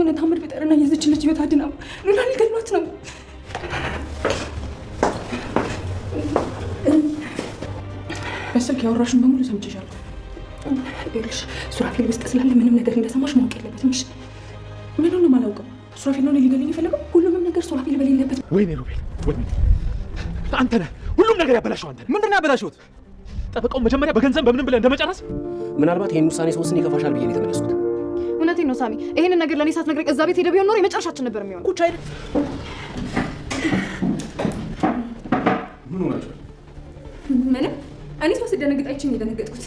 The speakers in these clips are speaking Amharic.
የሆነ ታምር ብጠርና የዚች ልጅ ህይወት አድና ሉላ ሊገሏት ነው። በስልክ ያወራሽን በሙሉ ሰምቼሻለሁ። ይኸውልሽ ሱራፌል ውስጥ ስላለ ምንም ነገር እንደሰማሽ ማወቅ የለበትም። እሺ ምን ሆነ አላውቅም። ሱራፌል ነው ሊገለኝ የፈለገው። ሁሉንም ነገር ሱራፌል በሌለበት። ወይኔ ሮቤል፣ ወይኔ አንተ ነህ ሁሉም ነገር ያበላሸው አንተ ምንድን ነው ያበላሸሁት? ጠበቃውን መጀመሪያ በገንዘብ በምንም ብለን እንደመጨረስ ምናልባት ይህን ውሳኔ ሰውስን ይከፋሻል ብዬ ነው የተመለስኩት። እውነቴን ነው ሳሚ፣ ይሄንን ነገር ለእኔ ሳትነግረኝ እዛ ቤት ሄደህ ቢሆን ኖሮ የመጨረሻችን ነበር የሚሆነው። ቁጭ አይደል? ምን ሆናችኋል? ምንም። እኔ ሰው ስደነግጥ አይቼኝ የደነገጥኩት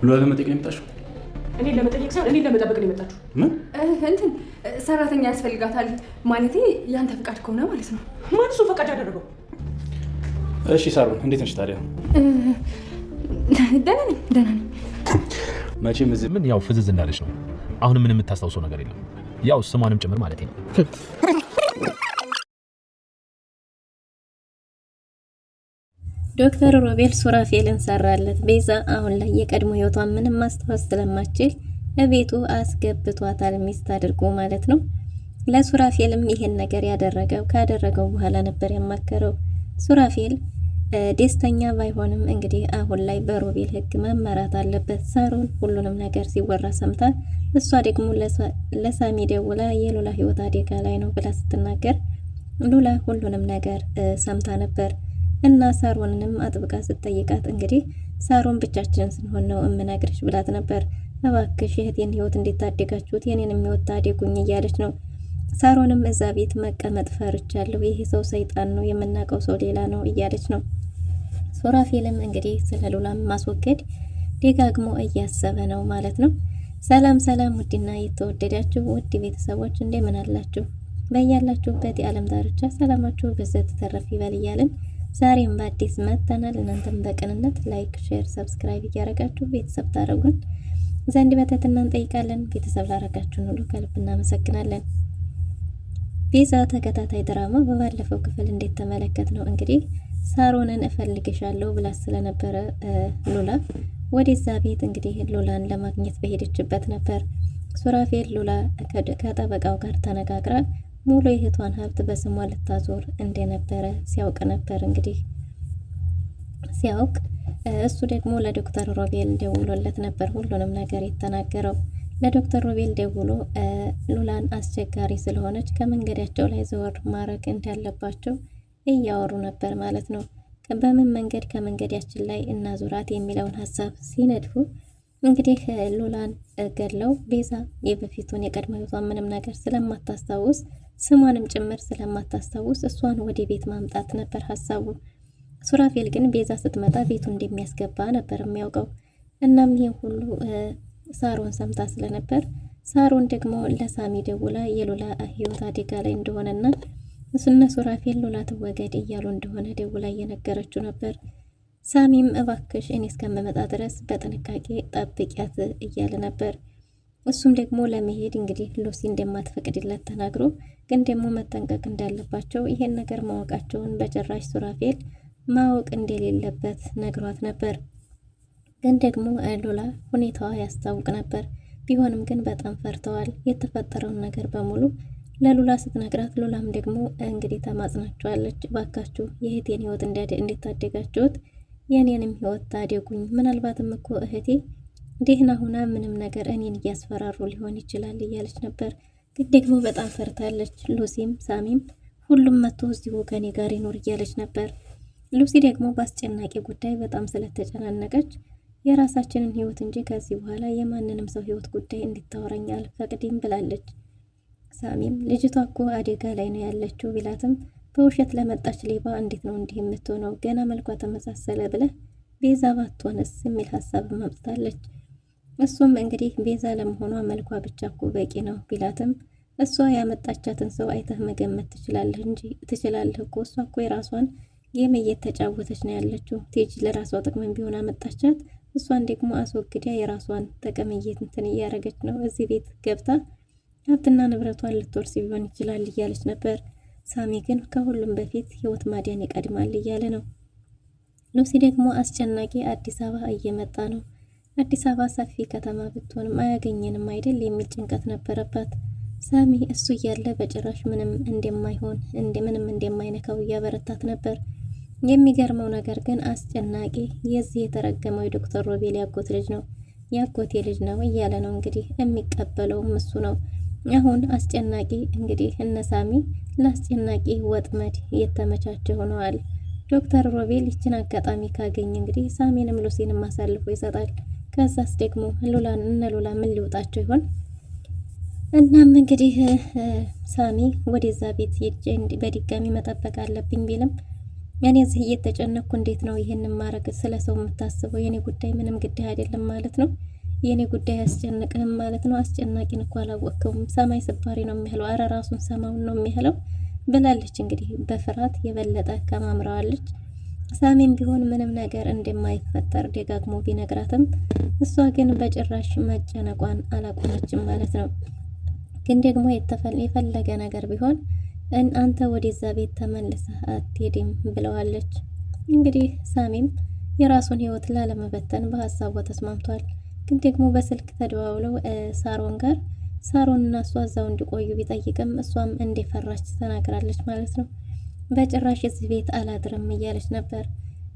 ብሎ ለመጠየቅ ነው የመጣችሁ? እኔ ለመጠየቅ ሳይሆን እኔ ለመጠበቅ ነው የመጣችሁ። ምን እንትን ሰራተኛ ያስፈልጋታል ማለቴ፣ ያንተ ፈቃድ ከሆነ ማለት ነው። ማን እሱ ፈቃድ ያደረገው? እሺ ሳሩን፣ እንዴት ነሽ ታዲያ? ደህና ነኝ፣ ደህና ነኝ። መቼም እዚህ ምን ያው ፍዝዝ እንዳለች ነው። አሁን ምን የምታስታውሰው ነገር የለም፣ ያው ስሟንም ጭምር ማለት ነው። ዶክተር ሮቤል ሱራፌልን ሰራለት። ቤዛ አሁን ላይ የቀድሞ ህይወቷን ምንም ማስታወስ ስለማችል እቤቱ አስገብቷታል፣ ሚስት አድርጎ ማለት ነው። ለሱራፌልም ይሄን ነገር ያደረገው ካደረገው በኋላ ነበር ያማከረው ሱራፌል ደስተኛ ባይሆንም እንግዲህ አሁን ላይ በሮቤል ህግ መመራት አለበት። ሳሮን ሁሉንም ነገር ሲወራ ሰምታ እሷ ደግሞ ለሳሚ ደውላ የሉላ ህይወት አደጋ ላይ ነው ብላ ስትናገር ሉላ ሁሉንም ነገር ሰምታ ነበር እና ሳሮንንም አጥብቃ ስትጠይቃት እንግዲህ ሳሮን ብቻችን ስንሆን ነው እምነግርሽ ብላት ነበር። እባክሽ እህቴን ህይወት እንዲታደጋችሁት የኔን የሚወጣ ታደጉኝ እያለች ነው ሳሮንም እዛ ቤት መቀመጥ ፈርቻለሁ፣ ይሄ ሰው ሰይጣን ነው፣ የምናውቀው ሰው ሌላ ነው እያለች ነው። ሱራፌልም እንግዲህ ስለ ሉላም ማስወገድ ደጋግሞ እያሰበ ነው ማለት ነው። ሰላም ሰላም፣ ውድና የተወደዳችሁ ውድ ቤተሰቦች እንደምን አላችሁ? በያላችሁበት የዓለም ዳርቻ ሰላማችሁ ብዘት ተረፍ ይበል እያልን ዛሬም በአዲስ መጥተናል። እናንተም በቅንነት ላይክ፣ ሼር፣ ሰብስክራይብ እያደረጋችሁ ቤተሰብ ታደረጉን ዘንድ በትህትና እንጠይቃለን። ቤተሰብ ላደረጋችሁን ሁሉ ከልብ እናመሰግናለን። ቤዛ ተከታታይ ድራማ በባለፈው ክፍል እንዴት ተመለከት ነው እንግዲህ ሳሮንን እፈልግሻለሁ ብላ ስለነበረ ሉላ ወደዛ ቤት እንግዲህ ሉላን ለማግኘት በሄደችበት ነበር። ሱራፌል ሉላ ከጠበቃው ጋር ተነጋግራ ሙሉ የእህቷን ሀብት በስሟ ልታዞር እንደነበረ ሲያውቅ ነበር። እንግዲህ ሲያውቅ እሱ ደግሞ ለዶክተር ሮቤል ደውሎለት ነበር ሁሉንም ነገር የተናገረው። ለዶክተር ሮቤል ደውሎ ሉላን አስቸጋሪ ስለሆነች ከመንገዳቸው ላይ ዘወር ማድረግ እንዳለባቸው እያወሩ ነበር ማለት ነው። በምን መንገድ ከመንገዳችን ላይ እናዙራት የሚለውን ሀሳብ ሲነድፉ እንግዲህ ሉላን ገድለው ቤዛ የበፊቱን የቀድሞ ሕይወቷን ምንም ነገር ስለማታስታውስ ስሟንም ጭምር ስለማታስታውስ እሷን ወደ ቤት ማምጣት ነበር ሀሳቡ። ሱራፌል ግን ቤዛ ስትመጣ ቤቱ እንደሚያስገባ ነበር የሚያውቀው። እናም ይህ ሁሉ ሳሮን ሰምታ ስለነበር ሳሮን ደግሞ ለሳሚ ደውላ የሉላ ህይወት አደጋ ላይ እንደሆነና እሱና ሱራፌል ሉላ ትወገድ እያሉ እንደሆነ ደውላ እየነገረችው ነበር። ሳሚም እባክሽ እኔ እስከምመጣ ድረስ በጥንቃቄ ጠብቂያት እያለ ነበር። እሱም ደግሞ ለመሄድ እንግዲህ ሉሲ እንደማትፈቅድለት ተናግሮ ግን ደግሞ መጠንቀቅ እንዳለባቸው ይሄን ነገር ማወቃቸውን በጭራሽ ሱራፌል ማወቅ እንደሌለበት ነግሯት ነበር። ግን ደግሞ ሉላ ሁኔታዋ ያስታውቅ ነበር። ቢሆንም ግን በጣም ፈርተዋል። የተፈጠረውን ነገር በሙሉ ለሉላ ስትነግራት ሉላም ደግሞ እንግዲህ ተማጽናችኋለች። ባካችሁ የእህቴን ህይወት እንድታደጋችሁት የእኔንም ህይወት ታደጉኝ። ምናልባትም እኮ እህቴ ደህና ሁና ምንም ነገር እኔን እያስፈራሩ ሊሆን ይችላል እያለች ነበር። ግን ደግሞ በጣም ፈርታለች። ሉሲም ሳሚም ሁሉም መጥቶ እዚሁ ከኔ ጋር ይኖር እያለች ነበር። ሉሲ ደግሞ በአስጨናቂ ጉዳይ በጣም ስለተጨናነቀች የራሳችንን ህይወት እንጂ ከዚህ በኋላ የማንንም ሰው ህይወት ጉዳይ እንድታወራኝ አልፈቅድም ብላለች። ሳሚም ልጅቷ እኮ አደጋ ላይ ነው ያለችው ቢላትም በውሸት ለመጣች ሌባ እንዴት ነው እንዲህ የምትሆነው? ገና መልኳ ተመሳሰለ ብለህ ቤዛ ባትሆንስ የሚል ሀሳብ ማምጣለች። እሱም እንግዲህ ቤዛ ለመሆኗ መልኳ ብቻ እኮ በቂ ነው ቢላትም እሷ ያመጣቻትን ሰው አይተህ መገመት ትችላለህ እንጂ ትችላለህ እኮ እሷ እኮ የራሷን ጌም እየተጫወተች ነው ያለችው። ቴጅ ለራሷ ጥቅምን ቢሆን አመጣቻት። እሷን ደግሞ አስወግዳ የራሷን ጥቅም እንትን እያደረገች ነው። እዚህ ቤት ገብታ ሀብትና ንብረቷን ልትወርስ ሊሆን ይችላል እያለች ነበር። ሳሚ ግን ከሁሉም በፊት ህይወት ማዳን ይቀድማል እያለ ነው። ሉሲ ደግሞ አስጨናቂ አዲስ አበባ እየመጣ ነው። አዲስ አበባ ሰፊ ከተማ ብትሆንም አያገኘንም አይደል የሚል ጭንቀት ነበረባት። ሳሚ እሱ እያለ በጭራሽ ምንም እንደማይሆን ምንም እንደማይነካው እያበረታት ነበር። የሚገርመው ነገር ግን አስጨናቂ የዚህ የተረገመው የዶክተር ሮቤል ያጎት ልጅ ነው ያጎቴ ልጅ ነው እያለ ነው እንግዲህ የሚቀበለውም እሱ ነው። አሁን አስጨናቂ እንግዲህ እነሳሚ ለአስጨናቂ ወጥመድ የተመቻቸ ሆነዋል። ዶክተር ሮቤል ይችን አጋጣሚ ካገኝ እንግዲህ ሳሚንም ሉሲንም አሳልፎ ይሰጣል። ከዛስ ደግሞ ሉላን እነ ሉላ ምን ሊውጣቸው ይሆን? እናም እንግዲህ ሳሚ ወደዛ ቤት በድጋሚ መጠበቅ አለብኝ ቢልም እኔ እዚህ እየተጨነኩ እንዴት ነው ይህን ማረግ ስለ ሰው የምታስበው የኔ ጉዳይ ምንም ግድህ አይደለም ማለት ነው የእኔ ጉዳይ አያስጨንቅህም ማለት ነው። አስጨናቂን እኮ አላወቅከውም። ሰማይ ስባሪ ነው የሚያለው። አረ ራሱን ሰማውን ነው የሚያለው ብላለች። እንግዲህ በፍርሃት የበለጠ ከማምረዋለች። ሳሚም ቢሆን ምንም ነገር እንደማይፈጠር ደጋግሞ ቢነግራትም እሷ ግን በጭራሽ መጨነቋን አላቆመችም ማለት ነው። ግን ደግሞ የፈለገ ነገር ቢሆን አንተ ወደዛ ቤት ተመልሰህ አትሄድም ብለዋለች። እንግዲህ ሳሚም የራሱን ህይወት ላለመበተን በሀሳቡ ተስማምቷል። ግን ደግሞ በስልክ ተደዋውለው ሳሮን ጋር ሳሮን እና እሷ እዛው እንዲቆዩ ቢጠይቅም እሷም እንደፈራች ተናግራለች ማለት ነው። በጭራሽ እዚህ ቤት አላድርም እያለች ነበር።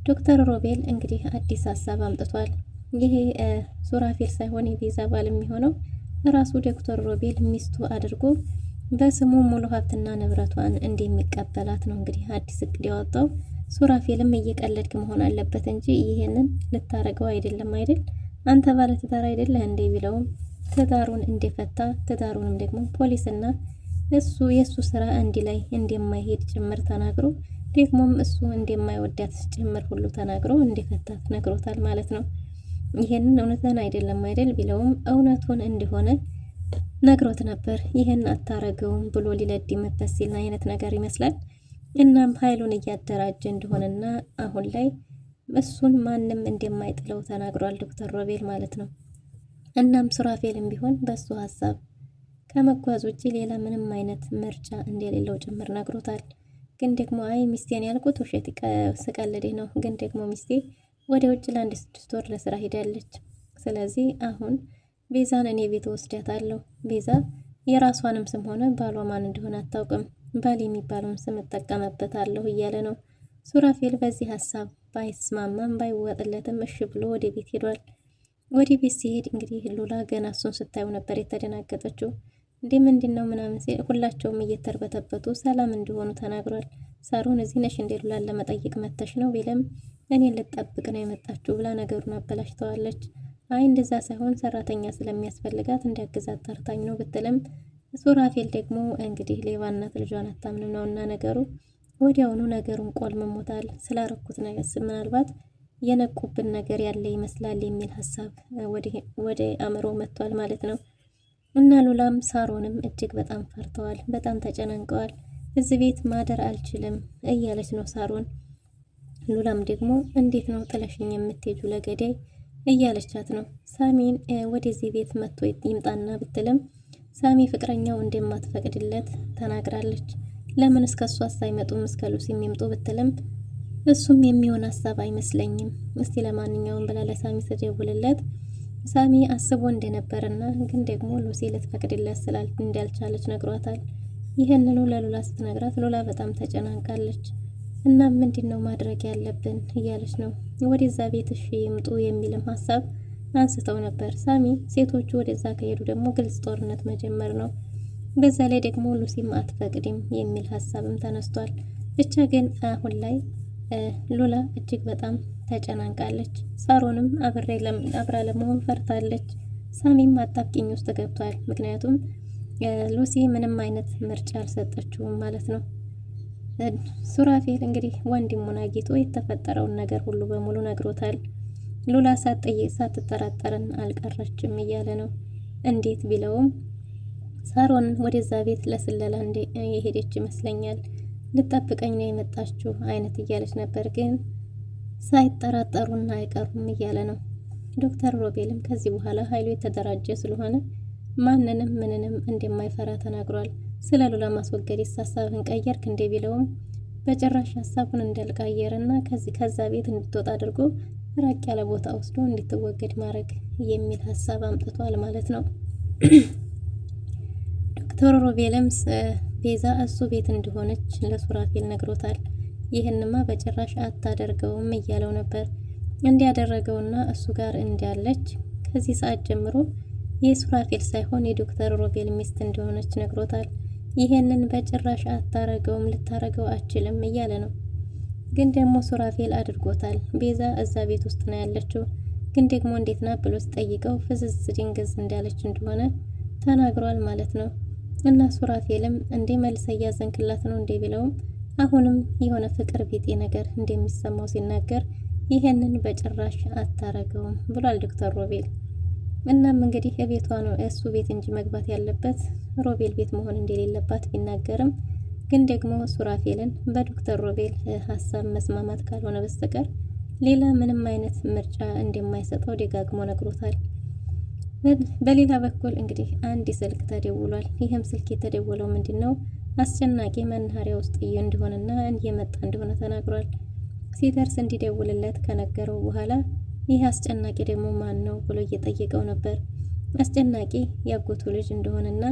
ዶክተር ሮቤል እንግዲህ አዲስ ሀሳብ አምጥቷል። ይሄ ሱራፌል ሳይሆን የቤዛ ባል የሚሆነው ራሱ ዶክተር ሮቤል ሚስቱ አድርጎ በስሙ ሙሉ ሀብትና ንብረቷን እንደሚቀበላት ነው እንግዲህ አዲስ እቅድ ያወጣው። ሱራፌልም እየቀለድክ መሆን አለበት እንጂ ይሄንን ልታረገው አይደለም አይደል? አንተ ባለ ትዳር አይደለህ እንዴ ቢለውም ትዳሩን እንደፈታ ትዳሩንም ደግሞ ፖሊስና እሱ የእሱ ስራ እንዲ ላይ እንደማይሄድ ጭምር ተናግሮ ደግሞም እሱ እንደማይወዳት ጭምር ሁሉ ተናግሮ እንደፈታት ነግሮታል ማለት ነው። ይሄንን እውነትን አይደለም አይደል ቢለውም እውነቱን እንደሆነ ነግሮት ነበር። ይህን አታረገውም ብሎ ሊለድምበት ሲል አይነት ነገር ይመስላል። እናም ኃይሉን እያደራጀ እንደሆነና አሁን ላይ እሱን ማንም እንደማይጥለው ተናግሯል ዶክተር ሮቤል ማለት ነው። እናም ሱራፌልም ቢሆን በሱ ሀሳብ ከመጓዝ ውጪ ሌላ ምንም አይነት ምርጫ እንደሌለው ጭምር ነግሮታል። ግን ደግሞ አይ ሚስቴን ያልኩት ውሸት ስቀልዴ ነው፣ ግን ደግሞ ሚስቴ ወደ ውጭ ለአንድ ስድስት ወር ለስራ ሄዳለች። ስለዚህ አሁን ቤዛን እኔ ቤት ወስዳታለሁ። ቤዛ የራሷንም ስም ሆነ ባሏ ማን እንደሆነ አታውቅም። ባል የሚባለውን ስም እጠቀመበታለሁ እያለ ነው ሱራፌል በዚህ ሀሳብ ባይስማማም ባይወጥለትም እሽ ብሎ ወደ ቤት ሄዷል። ወደ ቤት ሲሄድ እንግዲህ ሉላ ገና እሱን ስታዩ ነበር የተደናገጠችው። እንዴ ምንድን ነው ምናምን ሲል ሁላቸውም እየተርበተበቱ ሰላም እንደሆኑ ተናግሯል። ሳሩን እዚህ ነሽ እንዴ ሉላን ለመጠየቅ መተሽ ነው ቢልም እኔ ልጠብቅ ነው የመጣችሁ ብላ ነገሩን አበላሽተዋለች። አይ እንደዛ ሳይሆን ሰራተኛ ስለሚያስፈልጋት እንዲያግዛት ጠርታኝ ነው ብትልም ሱራፌል ደግሞ እንግዲህ ሌባ እናት ልጇን አታምንም ነውና ነገሩ ወዲያውኑ ነገሩን ቆልምሞታል። ስላረኩት ነገር ምናልባት የነቁብን ነገር ያለ ይመስላል የሚል ሀሳብ ወደ አእምሮ መጥቷል ማለት ነው። እና ሉላም ሳሮንም እጅግ በጣም ፈርተዋል፣ በጣም ተጨናንቀዋል። እዚህ ቤት ማደር አልችልም እያለች ነው ሳሮን። ሉላም ደግሞ እንዴት ነው ጥለሽኝ የምትሄጁ ለገዳይ እያለቻት ነው። ሳሚን ወደዚህ ቤት መጥቶ ይምጣና ብትልም ሳሚ ፍቅረኛው እንደማትፈቅድለት ተናግራለች። ለምን እስከ እሷ ሳይመጡም እስከ ሉሲ የሚምጡ ብትልም እሱም የሚሆን ሀሳብ አይመስለኝም። እስቲ ለማንኛውም ብላ ለሳሚ ስደውልለት ሳሚ አስቦ እንደነበርና ግን ደግሞ ሉሲ ልትፈቅድለት ስላል እንዳልቻለች ነግሯታል። ይህንኑ ለሉላ ስትነግራት ሉላ በጣም ተጨናንቃለች። እና ምንድን ነው ማድረግ ያለብን እያለች ነው። ወደዛ ቤት እሺ ይምጡ የሚልም ሀሳብ አንስተው ነበር። ሳሚ ሴቶቹ ወደዛ ከሄዱ ደግሞ ግልጽ ጦርነት መጀመር ነው። በዛ ላይ ደግሞ ሉሲም አትፈቅድም የሚል ሀሳብም ተነስቷል። ብቻ ግን አሁን ላይ ሉላ እጅግ በጣም ተጨናንቃለች። ሳሮንም አብራ ለመሆን ፈርታለች። ሳሚም አጣብቂኝ ውስጥ ገብቷል። ምክንያቱም ሉሲ ምንም አይነት ምርጫ አልሰጠችውም ማለት ነው። ሱራፌል እንግዲህ ወንድሙን አግኝቶ የተፈጠረውን ነገር ሁሉ በሙሉ ነግሮታል። ሉላ ሳትጠይቅ ሳትጠራጠረን አልቀረችም እያለ ነው እንዴት ቢለውም ሳሮን ወደዛ ቤት ለስለላ የሄደች ይመስለኛል። ልጠብቀኝ ነው የመጣችሁ አይነት እያለች ነበር፣ ግን ሳይጠራጠሩና አይቀሩም እያለ ነው። ዶክተር ሮቤልም ከዚህ በኋላ ኃይሉ የተደራጀ ስለሆነ ማንንም ምንንም እንደማይፈራ ተናግሯል። ስለ ሉላ ማስወገድ ሀሳብህን ቀየርክ እንዴ ቢለውም በጭራሽ ሀሳቡን እንዳልቀየረና ከዚህ ከዛ ቤት እንድትወጣ አድርጎ ራቅ ያለ ቦታ ወስዶ እንድትወገድ ማድረግ የሚል ሀሳብ አምጥቷል ማለት ነው። ዶክተር ሮቤልም ቤዛ እሱ ቤት እንደሆነች ለሱራፌል ነግሮታል። ይህንማ በጭራሽ አታደርገውም እያለው ነበር። እንዲያደረገውና እሱ ጋር እንዳለች ከዚህ ሰዓት ጀምሮ የሱራፌል ሳይሆን የዶክተር ሮቤል ሚስት እንደሆነች ነግሮታል። ይህንን በጭራሽ አታረገውም፣ ልታረገው አችልም እያለ ነው። ግን ደግሞ ሱራፌል አድርጎታል። ቤዛ እዛ ቤት ውስጥ ነው ያለችው። ግን ደግሞ እንዴት ና ብሎ ስጠይቀው ፍዝዝ ድንግዝ እንዳለች እንደሆነ ተናግሯል ማለት ነው። እና ሱራፌልም እንዴ መልሰ እያዘንክላት ነው እንዴ ቢለውም አሁንም የሆነ ፍቅር ቢጤ ነገር እንደሚሰማው ሲናገር ይሄንን በጭራሽ አታረገውም ብሏል ዶክተር ሮቤል። እናም እንግዲህ የቤቷ ነው እሱ ቤት እንጂ መግባት ያለበት ሮቤል ቤት መሆን እንደሌለባት ቢናገርም ግን ደግሞ ሱራፌልን በዶክተር ሮቤል ሀሳብ መስማማት ካልሆነ በስተቀር ሌላ ምንም አይነት ምርጫ እንደማይሰጠው ደጋግሞ ነግሮታል። በሌላ በኩል እንግዲህ አንድ ስልክ ተደውሏል። ይህም ስልክ የተደወለው ምንድን ነው አስጨናቂ መናኸሪያ ውስጥ እንደሆነና እየመጣ እንደሆነ ተናግሯል። ሲደርስ እንዲደውልለት ከነገረው በኋላ ይህ አስጨናቂ ደግሞ ማን ነው ብሎ እየጠየቀው ነበር። አስጨናቂ ያጎቱ ልጅ እንደሆነና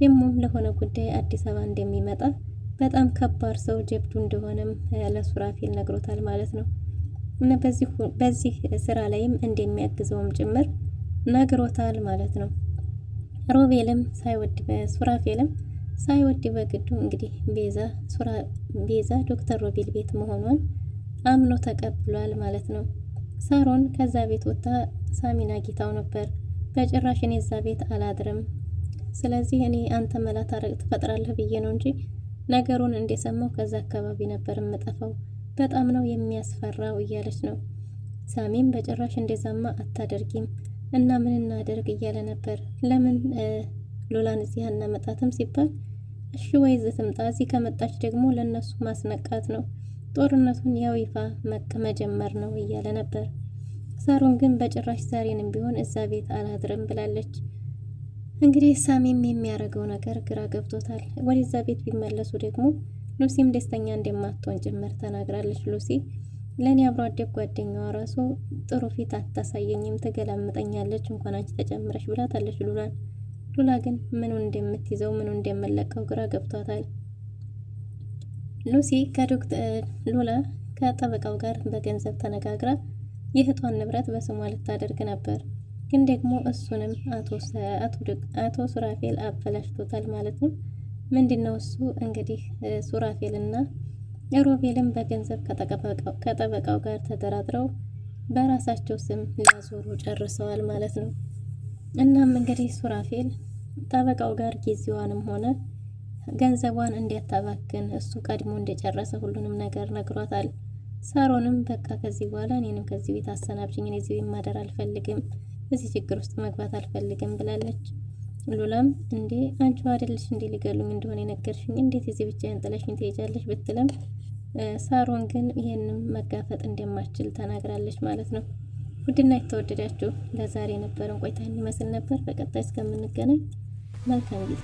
ደግሞም ለሆነ ጉዳይ አዲስ አበባ እንደሚመጣ በጣም ከባድ ሰው ጀብዱ እንደሆነም ለሱራፊል ነግሮታል ማለት ነው እና በዚህ ስራ ላይም እንደሚያግዘውም ጭምር ነግሮታል ማለት ነው። ሮቤልም ሳይወድ ሱራፌልም ሳይወድ በግዱ እንግዲህ ቤዛ ሱራ ቤዛ ዶክተር ሮቤል ቤት መሆኗን አምኖ ተቀብሏል ማለት ነው። ሳሮን ከዛ ቤት ወጥታ ሳሚን አግኝታው ነበር። በጭራሽ እኔ እዛ ቤት አላድርም፣ ስለዚህ እኔ አንተ መላት አረግ ትፈጥራለህ ብዬ ነው እንጂ ነገሩን እንደሰማው ከዛ አካባቢ ነበር የምጠፋው። በጣም ነው የሚያስፈራው እያለች ነው። ሳሚም በጭራሽ እንደዛማ አታደርጊም እና ምን እናደርግ እያለ ነበር። ለምን ሎላን እዚህ አናመጣትም ሲባል እሺ ወይ እዚህ እዚህ ከመጣች ደግሞ ለእነሱ ማስነቃት ነው፣ ጦርነቱን ያው ይፋ መጀመር ነው እያለ ነበር። ሳሩን ግን በጭራሽ ዛሬንም ቢሆን እዛ ቤት አላድርም ብላለች። እንግዲህ ሳሚም የሚያደርገው ነገር ግራ ገብቶታል። ወደዛ ቤት ቢመለሱ ደግሞ ሉሲም ደስተኛ እንደማትሆን ጭምር ተናግራለች። ሉሲ ለእኔ አብሮ አደግ ጓደኛዋ ራሱ ጥሩ ፊት አታሳየኝም፣ ትገላምጠኛለች፣ እንኳን አንቺ ተጨምረሽ ብላታለች ሉላን። ሉላ ግን ምኑ እንደምትይዘው ምኑ እንደምለቀው ግራ ገብቷታል። ሉሲ ከዶክተር ሉላ ከጠበቃው ጋር በገንዘብ ተነጋግራ የእህቷን ንብረት በስሟ ልታደርግ ነበር። ግን ደግሞ እሱንም አቶ ሱራፌል አበላሽቶታል ማለት ነው። ምንድነው እሱ እንግዲህ ሱራፌልና ሮቤልም በገንዘብ ከጠበቃው ጋር ተደራድረው በራሳቸው ስም ሊያዞሩ ጨርሰዋል ማለት ነው። እናም እንግዲህ ሱራፌል ጠበቃው ጋር ጊዜዋንም ሆነ ገንዘቧን እንዲያታባክን እሱ ቀድሞ እንደጨረሰ ሁሉንም ነገር ነግሯታል። ሳሮንም በቃ ከዚህ በኋላ እኔንም ከዚህ ቤት አሰናብችኝ፣ እዚህ ቤት ማደር አልፈልግም፣ እዚህ ችግር ውስጥ መግባት አልፈልግም ብላለች። ሉላም እንዴ አንቺ አይደለሽ እንዴ ሊገሉኝ እንደሆነ የነገርሽኝ፣ እንዴት እዚህ ብቻ ጥለሽኝ ትሄጃለሽ ብትለም ሳሮን ግን ይህንም መጋፈጥ እንደማችል ተናግራለች ማለት ነው። ውድና የተወደዳችሁ ለዛሬ የነበረን ቆይታ የሚመስል ነበር። በቀጣይ እስከምንገናኝ መልካም ጊዜ